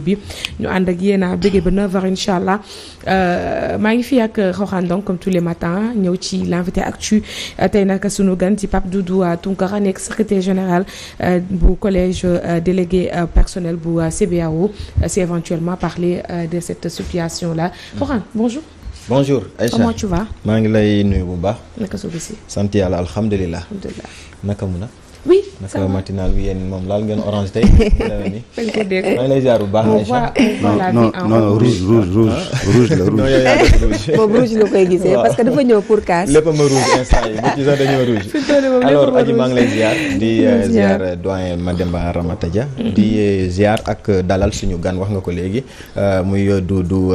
bi ñu ànd ak yéen a bëggee ba 9h incha allah euh, maa ngi fi ak Rokhane donc comme tous les matins ñëw ci l'invité actu euh, tey nag sunu gan ci Pape Doudou euh, Tunkara nekk secrétaire général bu collège délégué personnel bu CBAO si éventuellement parler de cette situation là Rokhane bonjour. bonjour Aïcha comment tu maa ngi lay nuyu bu baax. naka suuf si. oui ça matinal bi moom laal ngeen orange tey. maa ngi bu baax. non non rouge rouge rouge ah. rouge la rouge. boobu rouge la koy gisee parce que dafa ñëw pour kaas. lépp ma rouge instant yi bu ci sax dañoo rouge. alors Adji maa ngi di euh, ziar doyen Mademba Ramata Dia. Mm-hmm. di euh, ziar ak euh, dalal suñu gan wax nga ko léegi muy Doudou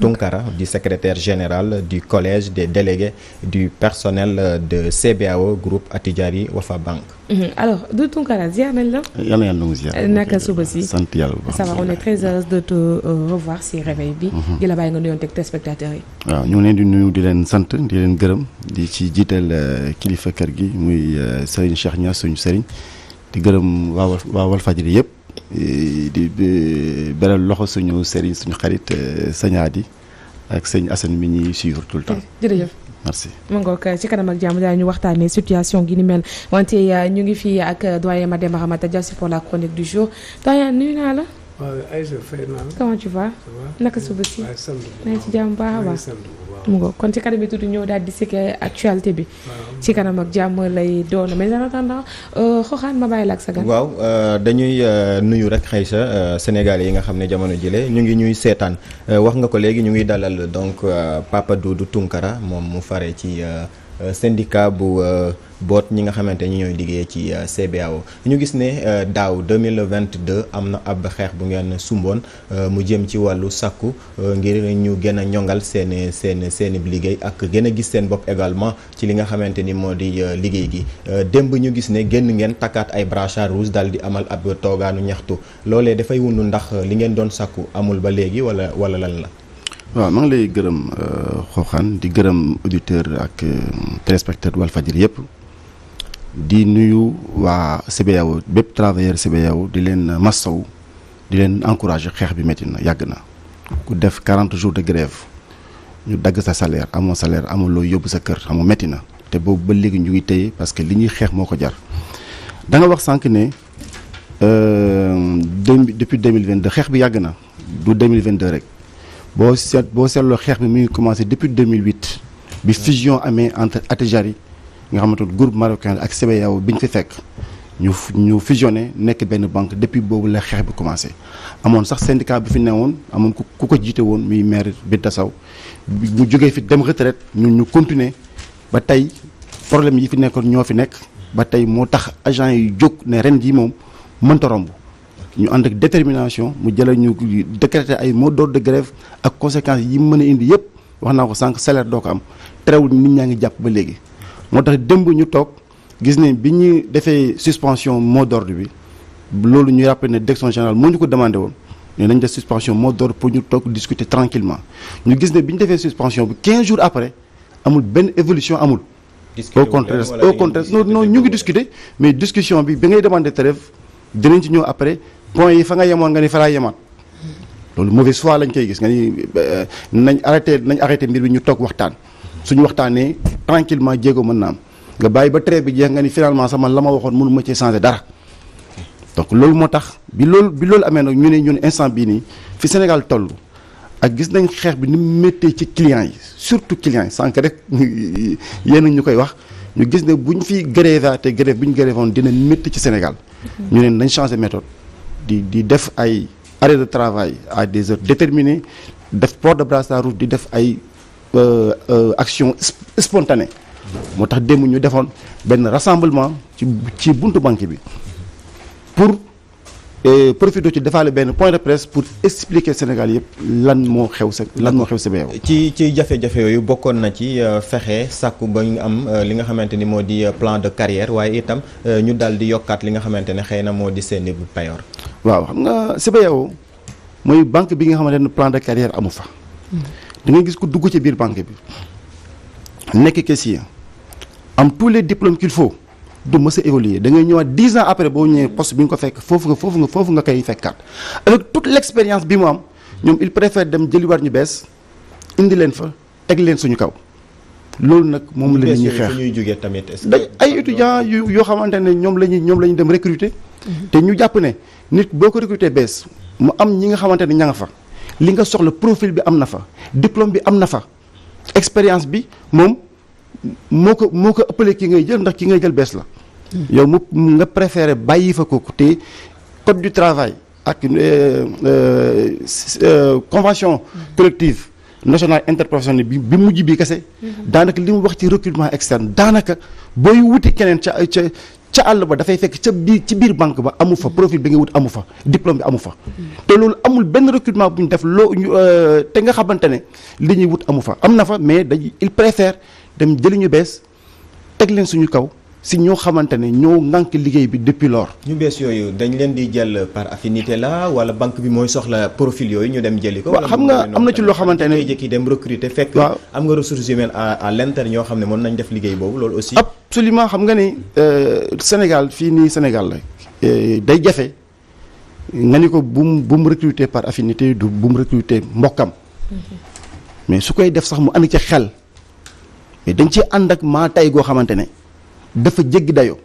Tunkara di secretaire général du collège des délégués du personnel de CBAO groupe Attijari Wafa Bank. Mhm. alors Doudou Tounkara ziar nañ la. yàlla na mu ziar. naka suba si sant yàlla bu baax. ça va on est très heureuse de te euh, revoir si réveil bi. Mhm. di la bàyyi nga nuyoon teg téléspectateurs yi. waaw ñu ngi leen di di leen sant di leen gërëm di ci jiital euh, kilifa kër gi muy euh, Serigne Cheikh Niass suñ Serigne di gërëm waa waa Walfadjri yëpp di beral loxo suñu Serigne suñu xarit sañaat yi ak sëñ Assane mi ñuy si tout le temps. merci mu ngoog ci kanam ak jàmm daañu waxtaanee situation gi ni mel wante euh, ñu ngi fii ak euh, doyen ma Ramata Dia pour la chronique du jour doyen nuyu naa la. waaw Aïcha fay naa la. comment tu naka suba si. waaw ci jàmm baax baax. mu ngoog kon ci kanam bi tudd ñëw daal di si actualité bi. ci kanam ak jàmm lay doon mais en attendant euh, xooxaan ma bàyyi la ak sa gan. waaw euh, dañuy euh, nuyu rek xëy sa Sénégalais yi nga xam ne jamono jile ñu ngi ñuy seetaan wax nga ko léegi ñu ngi dalal donc Papa Doudou Tunkara moom mu fare ci. Euh, syndicat bu euh, boot ñi nga xamante ñi ñooy liggéey ci euh, CBAO ñu gis ne daaw 2022 am na ab xeex bu ngeen sumboon mu jëm ci wàllu sàkku ngir ñu gën a ñongal seen seen seen liggéey ak gën a gis seen bopp également ci li nga xamante ni moo di liggéey gi démb ñu gis ne génn ngeen takkaat ay brassards rouges daal di amal ab toogaanu ñaxtu loolee dafay wundu ndax li ngeen doon sàkku amul ba léegi wala wala lan la waaw maa lay gërëm euh, xooxaan di gërëm auditeur ak euh, téléspectateur Walfadjri yëpp di nuyu waa CBAO bépp travailleur CBAO di leen massaw di leen encouragé xeex bi métti na yàgg na ku def 40 jours de grève ñu dagg sa salaire amoo salaire amuloo yóbbu sa kër amoo métti na te boobu ba léegi ñu ngi tey parce que li ñuy xeex moo ko jar danga wax sànq ne euh, depuis 2022 xeex bi yàgg na du 2022 rek boo seet boo seetloo xeex bi mu ngi commencé depuis 2008 bi fusion amee entre Attijari nga xamante ne groupe marocain ak CBAO bi ñu fi fekk ñu ñu fusionné nekk benn banque depuis boobu la xeex bi commencé amoon sax syndicat bi fi newoon amoon ku ko jiite woon muy maire Binta Sow mu jógee fi dem retraite ñun ñu continuer ba tey problème yi fi nekkoon ñoo fi nekk ba tey moo tax agent yi jóg ne ren jii moom mënta romb ñu ànd ak détermination mu jëlee ñu décréter ay mot d'ordre de grève ak conséquences yi mu mën a indi yëpp wax naa ko sànq salaire doo ko am terewul nit ñaa ngi jàpp ba léegi. moo tax démb ñu toog gis ne bi ñu defee suspension mot d'ordre bi loolu ñu rappelé ne direction générale moo ñu ko demandé woon ñu nañ de suspension mot d'ordre pour ñu toog discuter tranquillement ñu gis ne bi ñu defee suspension bi 15 jours après amul benn évolution amul. au contraire au contraire non non ñu ngi discuter mais discussion bi bi ngay demandé trêve dinañ ci ñëw après. point yi fa nga yemoon nga ni fa laa yemaat loolu mauvaise foi lañ koy gis nga ni euh, nañ arrêté nañ arrêté mbir bi ñu toog waxtaan suñu waxtaanee tranquillement jéego mën na am nga bàyyi ba trait bi jeex nga ni finalement sama la ma waxoon mënu ma cee changé dara donc loolu moo tax bi loolu bi loolu amee nag ñu ne ñun instant bii nii fi Sénégal toll ak gis nañ xeex bi ni mu méttee ci clients yi surtout clients yi sànq rek yéen ñu koy wax ñu gis ne buñ fi grévé te grève bi ñu grévoon dina métti ci Sénégal mm-hmm. ñu ne nañ changé méthode di di def ay arrêt de travail à des heures déterminées def port de brassard rouge di def ay euh, euh, action spontanée moo tax démb ñu defoon benn rassemblement ci ci buntu banque bi pour euh, profité ci defaale benn point de presse pour expliquer Sénégal yëpp lan moo xew sa lan moo xew sa beew ci ci jafe-jafe yooyu bokkoon na ci fexe sàkku ba ñu am li nga xamante ni moo di plan de carrière waaye itam ñu daal di yokkaat li nga xamante ne xëy na moo di seen bu payoor waaw xam nga CBAO mooy banque bi nga xamante ne plan de carrière amu fa. Hmm. da ngay gis ko dugg ci biir banque bi nekk caissier am tous les diplômes qu'il faut du mës a évoluer dangay ñëwaat dix ans après boo ñëwee poste bi nga ko fekk foofu nga foofu nga foofu nga koy fekkaat avec toute l'expérience bi mu am ñoom il préfère dem jëliwaat ñu bees indi leen fa teg leen suñu kaw. loolu nag moom la ñuy xeex dañ ay étudiants yu yoo xamante ne ñoom la ñuy ñoom la ñuy dem recruter. te ñu jàpp ne nit boo ko recruter bees mu am ñi nga xamante ne ña nga fa li nga soxla profil bi am na fa diplôme bi am na fa expérience bi moom moo ko moo ko ëppale ki ngay jël ndax ki ngay jël bees la. yow mu nga préféré bàyyi fa ko te code du travail ak euh, euh, euh, convention collective nationale interprofessionnelle bi bi mujj bi kese. Mm-hmm. daanaka li mu wax ci recrutement externe daanaka booy wuti keneen ca ca ca àll ba dafay fekk ca biir ci biir banque ba amu fa profil bi nga wut amu fa diplôme bi amu fa te loolu amul benn recrutement bu ñu def loo euh, te nga xamante ne li ñuy wut amu fa am na fa mais dañuy il préfère dem jëli ñu bees teg leen suñu kaw si ñoo xamante ne ñoo ngànk liggéey bi depuis lors. ñu bees yooyu dañ leen di jël par affinité la wala banque bi mooy soxla profil yooyu ñu dem jëli ko. waaw xam nga am na ci loo xamante ne jékki dem recruter fekk. waaw am nga ressources humaines à à l'interne xam ne mën nañ def liggéey boobu loolu aussi. absolument xam nga ni euh, Sénégal fii nii Sénégal la. Euh, day jafe nga ni ko bu mu bu mu par affinité du bu mu recruter mbokkam. Mm-hmm. mais su koy def sax mu ànd ci xel. mais dañ ci ànd ak maa tay goo xamante ne. dafa jéggi dayoo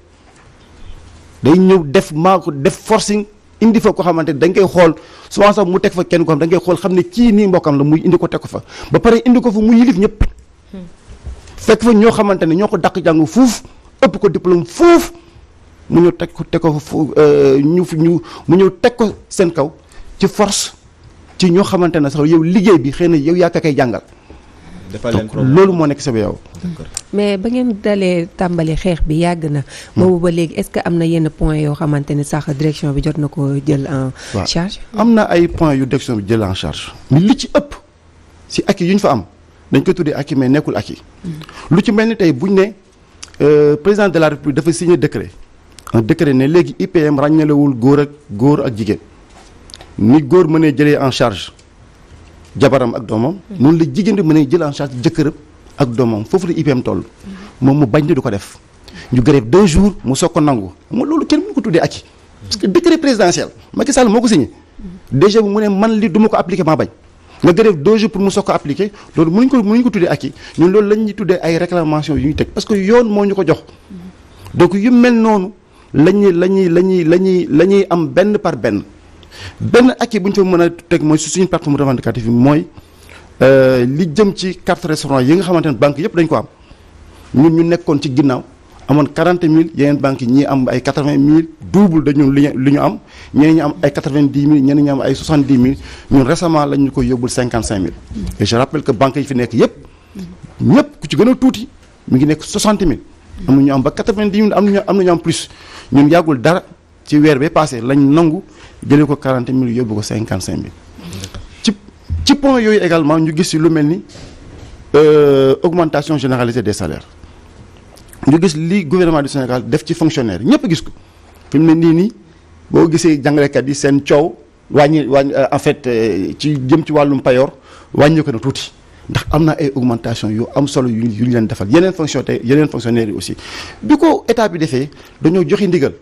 day ñëw def maa ko def forcing indi fa ko xamante dañ koy xool souvent sax mu teg fa kenn ko xam dañ xool xam ne kii nii mbokkam la muy indi ko teg ko fa ba pare indi ko fa mu yilif ñëpp fekk fa ñoo xamante ne ñoo ko dàq jàng fuuf ëpp ko diplôme fuuf mu ñëw teg ko teg ko euh, ñu ñu mu teg ko seen kaw ci force ci ñoo xamante ne sax yow liggéey bi xëy na yow yaa ka koy jàngal defal leen problème loolu moo nekk sa yow. mais ba ngeen dalee tàmbali xeex bi yàgg na. boobu ba léegi est-ce que am na yenn point yoo xamante ne sax direction bi jot na ko jël en charge. am na ay point yu direction bi jël en charge. mais li ci ëpp si acquis yu ñu fa am dañ koy tuddee ak acquis mais nekkul acquis. Mm-hmm. lu ci mel ni tey bu ñu ne euh, président de la république dafa signé décret. un décret ne léegi IPM ràññalewul góor ak góor ak jigéen ni góor mënee jëlee en charge. jabaram ak doomam mm-hmm. noonu la jigéen di mën a jël en charge jëkkëram ak doomam foofu la IPM toll mm-hmm. moom mu bañ ne du ko def ñu grève deux jours mu soog ko nangu mu loolu kenn mënu tuddee acquis parce que décret présidentiel Macky moo ko signé mm-hmm. déjà mu ne man li du ma ko appliqué maa bañ nga grève deux pour mu soog ko appliqué loolu mënuñ ko mënuñ ko tuddee acquis loolu lañ ñuy tuddee ay réclamations yu ñuy teg parce que yoon moo ñu ko jox donc yu mel noonu lañuy lañuy lañuy lañuy la ñuy am benn par benn benn acquis bu ñu fa mën a teg mooy su suñu plateforme revendicative bi mooy euh, li jëm ci carte restaurant yi nga xamante ne banque yëpp dañ ko am ñun ñu nekkoon ci ginnaaw amoon 40 000 yeneen banques yi ñii am ay 80 000 double dañu lu ñu am ñeneen ñu am ay 90 000 mille ñu am ay 70 000 ñun récemment lañ ñu ko yóbbul 55 000 et je rappelle que banques yi fi nekk yëpp ñëpp ku ci gën a tuuti mu ngi nekk 60 000 am na ñu am ba 90 000 m na ñu am plus ñun yàggul dara ci weer bee passé lañ nangu jëlee ko 40 mille yóbbu ko cinquante 55 mille. ci ci point yooyu également ñu gis si lu mel ni euh, augmentation généralisée des salaires ñu gis li gouvernement du Sénégal def ci fonctionnaire ñëpp gis ko fi mu ne nii nii boo gisee jàngalekat yi seen coow wàññi wàññi euh, en fait euh, ci jëm ci wàllum payoor wàññi ko na tuuti. ndax am na ay augmentation yu am solo yu ñu leen defal yeneen fonction te yeneen fonctionnaire yi aussi bi ko état bi defee dañoo joxe ndigal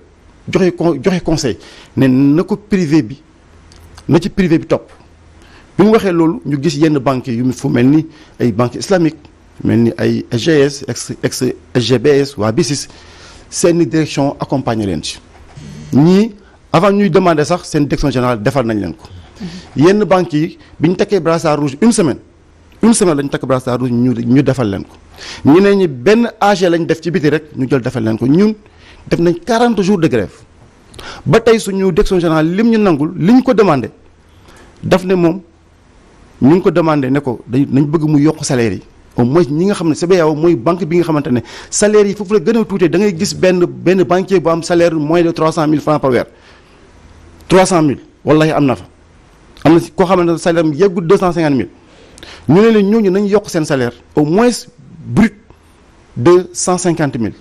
joxe con joxe conseil ne na ko privé bi na ci privé bi topp bi mu waxee loolu ñu gis yenn banques yu mu fu mel ni ay banque islamique mel ni ay SGS ex ex SGBS waa BICIS seeni direction accompagner leen ci ñii avant ñuy demander sax seen direction générale defal nañ leen ko yenn banques yi bi ñu takkee brassard rouge une semaine une semaine lañu takk brassard rouge ñu ñu defal leen ko ñeneen ñi benn AG lañ def ci biti rek ñu jël defal leen ko ñun def nañ 40 jours de grève ba tey suñu direction générale lim ñu nangul li ñu ko demandé daf ne moom ñu ngi ko demande ne ko dañ nañ bëgg mu yokk salaire yi au moins ñi nga xam ne CBAO mooy banque bi nga xamante ne salaire yi foofu la gën a da ngay gis benn benn banquier bu am salaire moins de 300000 francs mille weer 300000 wallahi am na fa am na koo xamante ne salaire am yeggul 250000 ñu ne leen ñooñu nañ yokk seen salaire au moins brut de 150000.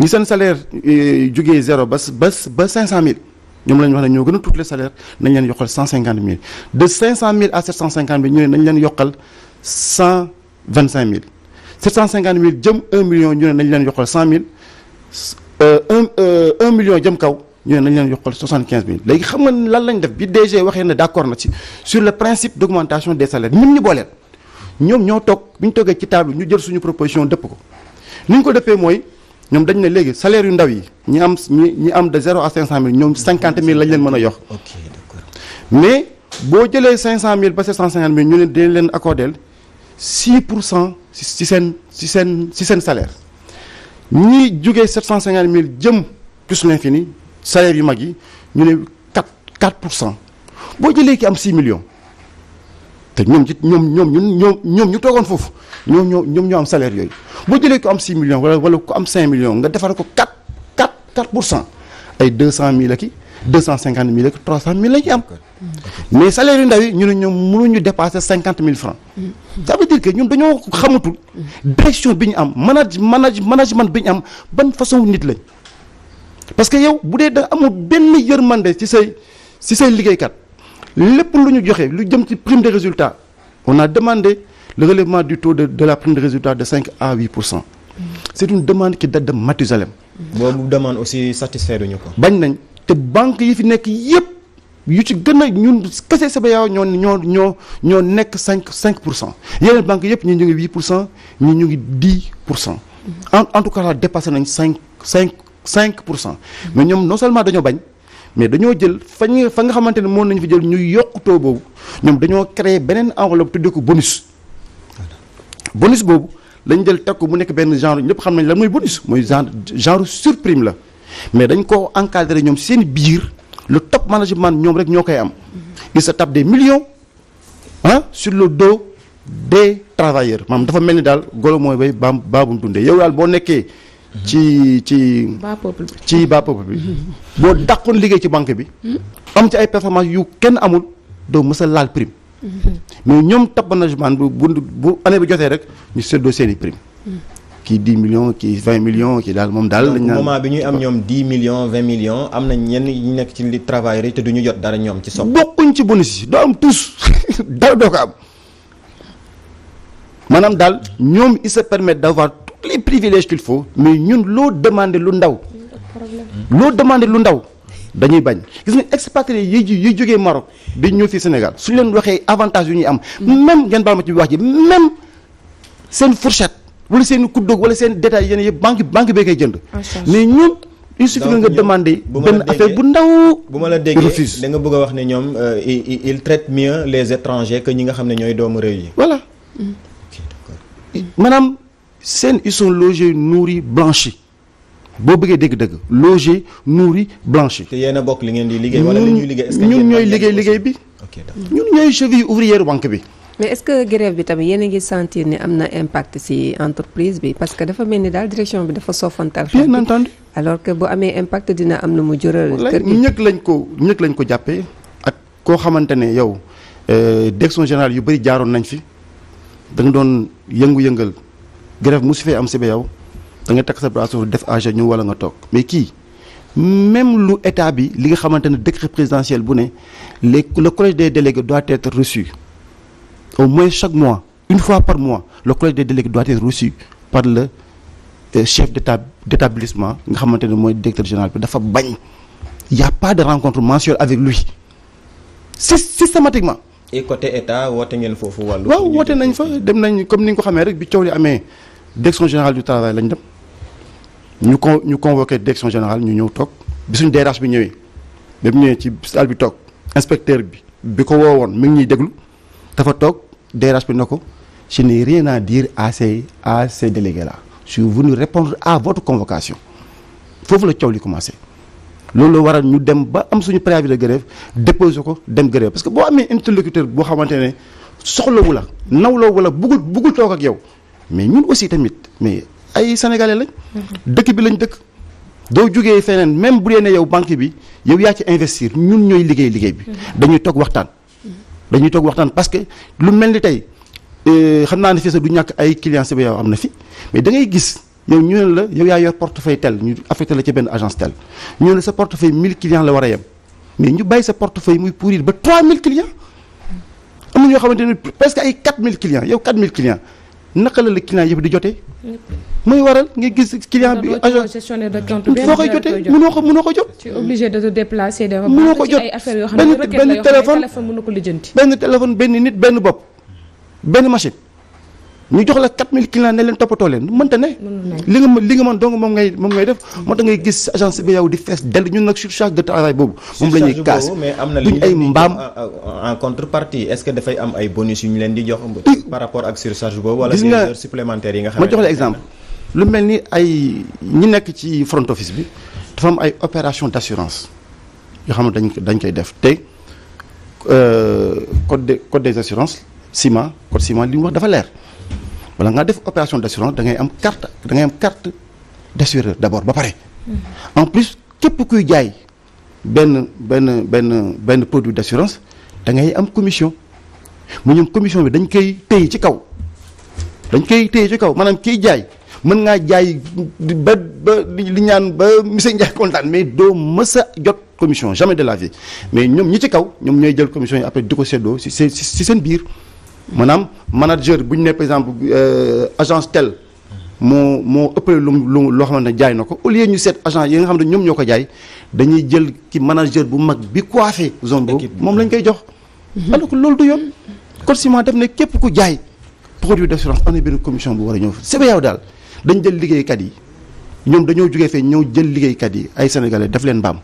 ñi seen salaire eh, jugee zéro ba ba ba mille ñoom lañu ñu wax ne ñoo gën a tuuti salaire nañ leen yokkal 150000 de 500000 à 750000 ñu ne nañ leen yokkal 125000 750000 jëm 1 million ñu ne nañ leen yokkal 100000 1 euh, euh, un million jëm kaw. ñu ne nañ leen yokkal 75000 léegi xam nga lan lañ def bi DG waxee ne d' na ci sur le principe d' augmentation des salaires ñu booleel ñoom ñoo toog bi ñu toogee ci table ñu jël suñu proposition dëpp ko ni ñu ko defee mooy. ñoom dañu ne léegi salaire yu ndaw yi ñi am ñi ñi am de zéro à cinq cent mille ñoom cinquante mille lañ leen mën a yox mais boo jëlee cinq cent mille ba sept cent cinquante ñu leen dañ leen accordeel six pour cent ci seen ci seen ci seen salaire ñi jógee sept cent cinquante mille jëm fi nii salaire yu mag yi ñu ne quatre quatre pour cent boo jëlee ki am six millions te ñoom ci ñoom ñoom ñun ñoom ñoom ñu toogoon foofu ñoom ñoo ñoom ñoo am salaire yooyu boo jëlee ko am 6 millions wala wala ko am 5 millions nga defar ko 4 4 4 pour cent ay 200000 ak i 250000 ak 300000 la ñu am mais salaire yu ndaw yi ñu ne ñoom mënuñu dépasser 50000 francs ça veut dire que ñun dañoo xamatul direction bi ñu am manage manage management bi ñu am ban façon nit lañ parce que yow bu dee da amul benn yërmande ci say ci say liggéeykat. lépp lu ñu joxe lu jëm ci prime de résultat on a demandé le relèvement du taux de de la prime de résultat de 5 à 8 pour cent. c'est une demande qui date de Mathusalem. boobu demande aussi satisfaire ñu ko. bañ nañ te banque yi fi nekk yépp yu ci gën a ñun kese CBAO ñoo ñoo ñoo ñoo nekk cinq 5 pour cent yeneen banques yëpp ñii ñu ngi 8 pour cent ñii ñu ngi 10 pour cent. en en tout cas dépassé nañ cinq cinq 5 pour cent. mais ñoom non seulement dañoo bañ. mais dañoo jël fañ fa nga xamante ne moom nañu fi jël ñu yokk taux boobu ñoom dañoo créer beneen enveloppe tuddee ko bonus bonus boobu lañ jël teg ko mu nekk benn genre ñëpp xam nañ lan mooy bonus mooy genre genre surprime la mais dañ ko encadrer ñoom seen biir le top management ñoom rek ñoo koy am il se tape des millions ah sur le dos des travailleurs maanaam dafa mel ni daal golo mooy bay baam baabum dundee yow daal boo nekkee ci ci. bas ci bas bi. boo dàqoon liggéey ci banque bi. am ci ay performance yu kenn amul doo mës a laal prime. mais ñoom top management bu bu bu année bi jotee rek ñu séddoo seen i prime. kii 10 millions kii vingt millions kii daal moom daal. lañ naan moment bi ñuy am ñoom 10 millions 20 millions am na ñenn ñi nekk ci li travailleurs yi te du ñu jot dara ñoom ci sopp. bokkuñ ci bonus yi doo am tous dara doo ko am maanaam daal ñoom il se permet d' avoir les privilèges qu'il faut mais ñun loo demander lu ndaw. loo demande lu ndaw dañuy bañ gis nga expatriés yi yi jógee Maroc dañ ñëw fi Sénégal suñ leen waxee avantage yu ñuy am. même ngeen baal ma ci wax ji même seen fourchette wala seen kuddoog wala seen détail yeneen yëpp banque banque bee koy jënd. mais ñun. il suffit nga demander benn affaire bu ndaw. bu ma la déggee da nga bëgg a wax ne ñoom euh, il traite mieux les étrangers que ñi nga xam ne ñooy doomu réew yi. voilà seen ils sont logés nourris blanchis boo bëggee dégg-dëgg logés nourris blanchis. te yéen a bokk li ngeen di liggéey wala li ñuy liggéey. est ñooy liggéey liggéey bi. ñun ñooy cheville ouvrière banque bi. mais est-ce que grève bi tamit yéen ngi sentir ni am na impact ci entreprise bi parce que dafa mel ni daal direction bi dafa soofantal. bien entendu alors que bu amee impact dina am lu mu jural. kër gi ñëkk lañ ko ñëkk lañ ko jàppee ak koo xamante ne yow euh, direction générale yu bëri jaaroon nañ fi da doon yëngu-yëngal. grève mu si fee am si ba yow da nga takk sa bras def à ñu wala nga toog mais kii même lu état bi li nga xamante ne décret présidentiel bu ne les la collège des délégués doit être reçu au moins chaque mois une fois par mois le collège des délégués doit être reçu par le euh, chef d'état d'établissement nga xamante ne mooy directeur général bi dafa bañ y a pas de rencontre mensuelle avec lui systématiquement. et côté état woote ngeen waaw woote nañ fa dem nañ comme ni nga ko xamee rek bi coow amee. direction générale du travail lañ dem ñu con ñu convoqué direction générale ñu ñëw toog bi suñu DRH bi ñëwee ba mu ñëwee ci salle bi toog inspecteur bi bi ko woon mi ngi ñuy déglu dafa toog DRH bi na ko je n'ai rien à dire à ces à ces délégués là su suis venu répondre à vote convocation foofu la coow li commencé. loolu la waral ñu dem ba am suñu préavis de grève déposé ko dem grève parce que boo amee interlocuteur boo xamante ne soxlawu la nawloo la bëggul bëggul toog ak yow. mais ñun aussi tamit mais ay sénégalais lañ. dëkk bi lañ dëkk. doo jógee feneen même bu dee ne yow banque bi yow yaa ci investir ñun ñooy liggéey liggéey bi. dañuy toog waxtaan. dañuy toog waxtaan parce que lu mel ni tey euh, xam naa ne fii sax du ñàkk ay clients si ba yow am na fi mais da ngay gis yow ñu ne la yow yaa yor portefeuille tel ñu affecté la ci benn agence tel ñu ne la sa portefeuille 1000 clients la war a yem mais ñu bàyyi sa portefeuille muy pourrir ba 3000 clients. am na ñoo xamante ne presque ay 4000 clients yow 4000 naka la la client yëpp di jotee. mooy waral nga gis client bi agent gestionnaire de compte foo koy jotee mënoo ko mënoo ko jot. tu es obligé de te déplacer. mënoo ko jot benn benn téléphone benn téléphone benn nit benn bopp benn machine. ñu jox la 4000 clients ne leen toppatoo leen mënta ne. li nga mën li nga mën donc moom ngay moom ngay def. Hmm. moo tax ngay gis agence bi yow di fees dell ñun nag surcharge de travail boobu. moom la ñuy kaas duñ ay mbaam euh, euh, ce que dafay am ay bonus yu leen di jox. par rapport ak surcharge boobu. wala seen heures supplémentaires yi nga ma jox la exemple. lu mel ni ay ñi nekk ci front office bi dafa am ay opération d'assurance yoo xam ne dañ dañ koy def te euh, code de code des assurances ciment code ciment li mu wax dafa leer. bala nga def opération d' assurance da ngay am carte da ngay am carte d' assureur d' abord ba pare. Mm-hmm. en plus képp kuy jaay benn benn benn benn produit d' assurance dangay am commission mu ñoom commission bi dañ koy téye ci kaw dañ koy téye ci kaw maanaam kiy jaay. mën ngaa jaay ba ba li ñaan ba monsieur Ndiaye kontaan mais doo mës a jot commission jamais de la vie mais ñoom ñi ci kaw ñoom ñooy jël commission yi après di ko seddoo si si si seen biir. maanaam manager bu ñu nee par exemple euh, agence tel moo moo ëppale lu lu loo xamante ne jaay na ko au lieu ñu set agent yi nga xam ne ñoom ñoo ko jaay dañuy jël ki manager bu mag bi coiffé zone boobu moom lañ koy jox. Mhm. alors que loolu du yoon. code ciment ne képp ku jaay produit d' assurance am na benn commission bu war a ñëw fa CBAO daal dañ jël liggéeykat yi ñoom dañoo jógee fee ñëw jël liggéeykat yi ay sénégalais daf leen baam.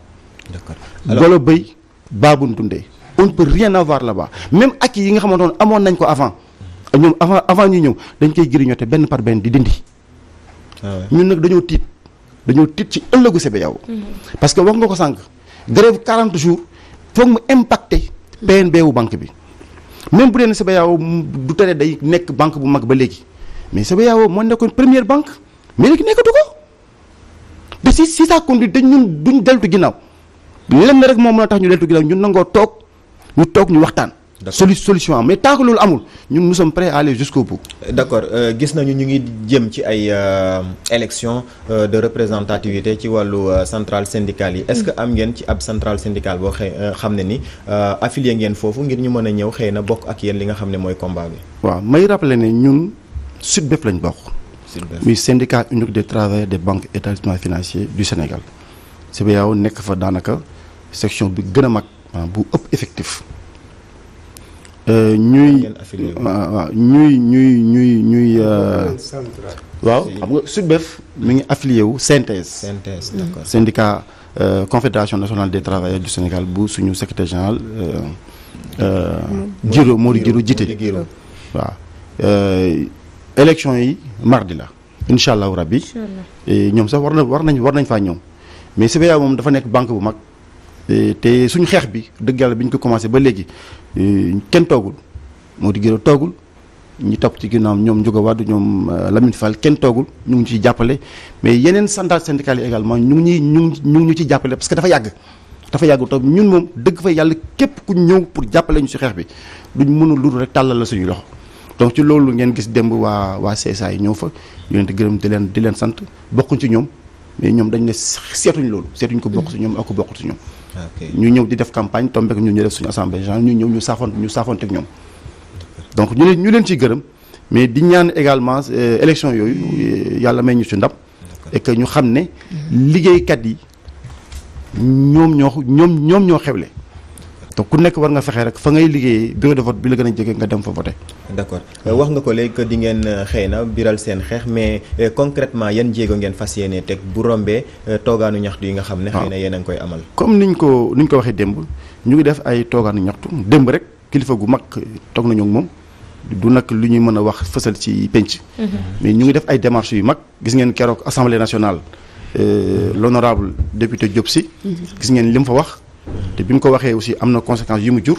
d' accord alors golo bëy dundee. on ne peut rien avoir là-bas même acquis yi nga xamantoon amoon nañ ko avant avant ñu ñëw dañ koy grignoter benn par benn di dindi. Ah ñun nag dañoo tiit dañoo tiit ci ëllëgu CBAO mhm. parce que wax nga ko sànq grève 40 jours foog mu impacter PNB wu banque bi même bu dee ne CBAO du tere day nekk banque bu mag ba léegi mais CBAO moo nekkoon première banque mais léegi nekkatu ko te si si ça conduit dañ ñun duñ deltu ginnaaw lenn rek moo mën a tax ñu deltu ginnaaw ñun nangoo toog. ñu toog ñu waxtaan. solu solution mais tant que loolu amul ñun nous sommes prêts à aller jusqu'au bout. d'accord euh, gis nañu ñu ngi jëm ci ay euh, élection euh, de représentativité ci wàllu central syndicale yi. est-ce que am ngeen ci ab centrale syndicale boo xëy xam ne ni affilié ngeen foofu ngir ñu mën a ñëw xëy na bokk ak yéen li nga xam ne mooy combat bi. waaw may rappeler ne ñun SUTBEF lañ bokk. SUTBEF muy syndicat unique des travailleurs des banque et établissements financiers du Sénégal. CBAO nekk fa daanaka section bi gën a mag. département bu ëpp effectif. Euh, ñuy waaw waaw ñuy ñuy ñuy ñuy. Euh, waaw xam nga SUTBEF mi ngi affilié wu synthèse synthèse d'accord mm. syndicat euh, confédération nationale des travailleurs du Sénégal bu suñu secrétaire général Giro Mori Giro jite waaw élection yi mardi la incha allahu rabbi ñoom sax war na war nañ faa ñëw mais CBA moom dafa nekk banque bu mag Eh, te suñu xeex bi dëgg yàlla bi ñu ko commencé ba léegi eh, kenn toogul moo di gërëm toogul ñu topp ci ginnaawam ñoom Ndiouga Wade ñoom eh, Lamine Fall kenn toogul ñu ngi ciy jàppale mais yeneen centrales syndicales yi également ñu ngi ñu ngi ñu ci jàppale parce que dafa yàgg. dafa yàgg toog ñun moom dëgg fa yàlla képp ku ñëw pour jàppale ñu si xeex bi duñ mënul lu rek tàllal la suñu loxo donc ci loolu ngeen gis démb waa waa CSA yi ñëw fa ñu leen di gërëm di leen di leen sant bokkuñ ci ñoom. mais ñoom dañu ne seetuñ loolu seetuñ ko bokk si ñoom ak ko bokkut si ñoom ñu ñëw di def campagne tombeek ñun ñu def suñu assemblée générale ñu ñëw ñu saafon ñu saafonteeg ñoom donc ñu leen ñu leen ciy gërëm mais di ñaan également euh, élection yooyu euh, yàlla may ñu si ndab et que ñu xam ne liggéeykat yi ñoom ñoo ñoom ñoom ñoo xewle te ku nekk war nga fexe rek fa ngay liggéeyee bureau de vote bi la gën a jege nga dem fa voté. d'accord euh, wax nga ko léegi que di ngeen euh, xëy na biral seen xeex mais euh, concrètement yan jéego ngeen fas yéene teg bu rombee toogaanu ñaxtu yi nga xam ne. xëy na yéen a ngi koy amal. comme ñu ko niñ ko waxee démb ñu ngi def ay toogaanu ñaxtu démb rek kilifa gu mag toog nañu ak moom. du nag lu ñuy mën a wax fësal ci penc. Mm-hmm. mais ñu ngi def ay démarches yu mag gis ngeen keroog assemblée nationale l'honorable député Diop Sy. Mm-hmm. gis ngeen li mu fa wax. te bi mu ko waxee aussi am na conséquences yu mu jur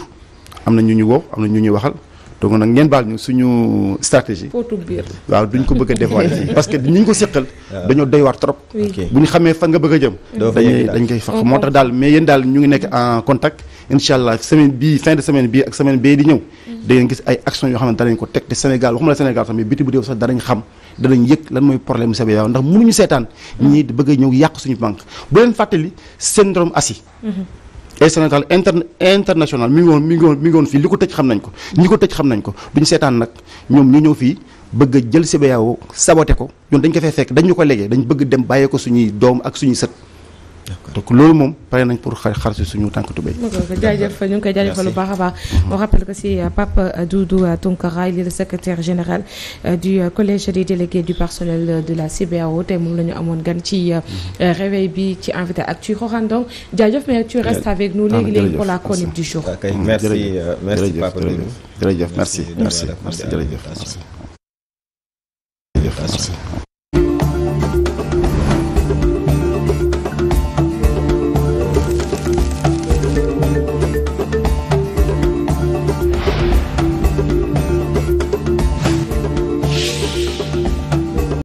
am na ñu ñu woo am na ñu ñu waxal donc nag ngeen baal ñu suñu stratégie. waaw duñ ko bëgg a dévoiler parce que ñu ko seqal. dañoo doy waar trop. bu ñu xamee fa nga bëgg jëm. dañuy dañ koy fax moo tax daal mais yéen daal ñu ngi nekk en contact incha allah semaine bi fin de semaine bii ak semaine bee di ñëw. Mm-hmm. da ngeen gis ay actions yoo xam ne danañ ko teg te Sénégal waxuma la Sénégal sax mais biti bu réew sax danañ xam. danañ yëg lan mooy problème CBAO ndax mënuñu seetaan mm-hmm. ñii bëgg a ñëw yàq suñu banque bu leen fàttali syndrome assis mm-hmm. et Sénégal inter international mi ngi woon mi ngi woon fii li ko tëj xam nañ ko ñi ko tëj xam nañ ko duñu seetaan nag ñoom ñu ñëw fii bëgg jël jël CBAO saboté ko ñun dañ ko fay fekk dañ ñu ko léegi dañ bëgg dem bàyyee ko suñuy doom ak suñuy sët donc loolu moom pare nañ pour xar xar si suñu tànk tubéy jaajëf ñu ngi koy jaajëfal lu baax a baax mm-hmm. on rappelle que c'est euh, Pape euh, euh, général du collège des délégués du la CBAO tey moom la ñu amoon gan ci mm-hmm. bi ci invité ak ci xooxaan donc jaajëf mais tu restes avec nous ah, léegi léegi pour la chronique merci ah, mm-hmm. merci merci merci merci